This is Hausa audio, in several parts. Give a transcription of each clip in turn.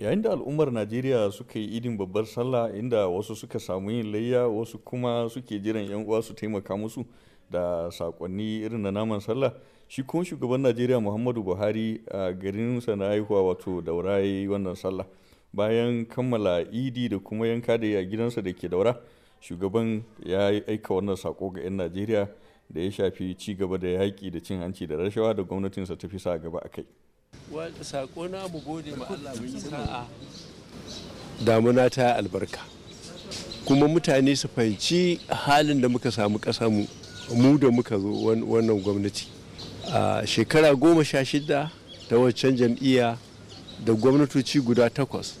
yayin da al'ummar najeriya suka yi idin babbar sallah inda wasu suka samu yin layya wasu kuma suke jiran yan uwa su taimaka musu da sakonni irin na naman sallah shi kuma shugaban najeriya muhammadu buhari a garin na haihuwa wato daura wannan sallah bayan kammala idi da kuma yanka da ya gidansa da ke daura shugaban ya aika wannan sako ga 'yan najeriya da ya shafi ci gaba da yaƙi da cin hanci da rashawa da gwamnatinsa ta fi sa gaba a kai saƙo na mu gode ma Allah mun yi damuna ta albarka kuma mutane su fahimci halin da muka samu ƙasa mu mu da muka zo wannan gwamnati a shekara goma sha shida ta waccan jam'iyya da gwamnatoci guda takwas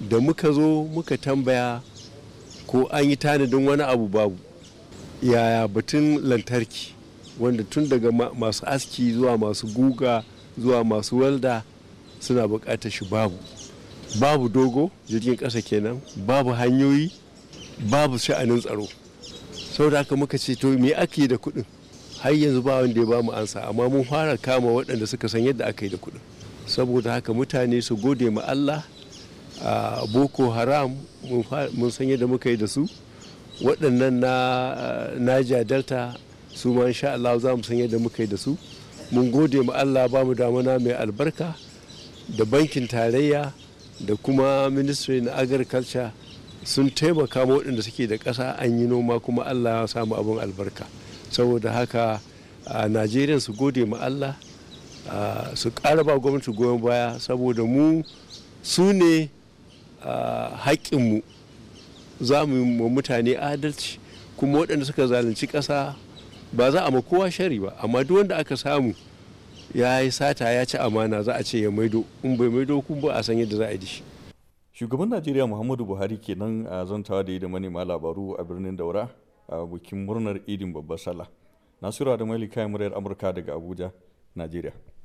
da muka zo muka tambaya ko an yi tanadin wani abu babu yaya batun lantarki wanda tun daga masu aski zuwa masu guga zuwa masu walda suna bukatar shi babu babu dogo jirgin ƙasa kenan babu hanyoyi babu sha'anin tsaro da haka muka ce to me ake da kuɗin har yanzu ba wanda ya bamu ansa amma mun fara kama waɗanda suka san yadda aka yi da kuɗin saboda haka mutane su gode ma Allah a boko haram mun san yadda muka yi da su waɗannan na naja delta su ma insha Allah za mu san yadda muka yi da su mun gode ma allah ba mu damana mai albarka da bankin tarayya da kuma ministry na agriculture sun taimaka waɗanda suke da ƙasa an yi noma kuma allah ya samu abin albarka saboda haka a najeriya su gode ma allah su ƙara ba gwamnati goyon baya saboda mu su ne haƙƙinmu za mu mutane adalci kuma waɗanda suka zalunci ƙasa ba za a ma kowa shari ba amma duk wanda aka samu ya yi sata ya ci amana za a ce ya maido in bai maido kun ba a san yadda za a yi shi shugaban najeriya muhammadu buhari kenan a zantawa da yi da manema labaru a birnin daura a bikin murnar idin babbar sallah nasiru adamali malika muryar amurka daga abuja najeriya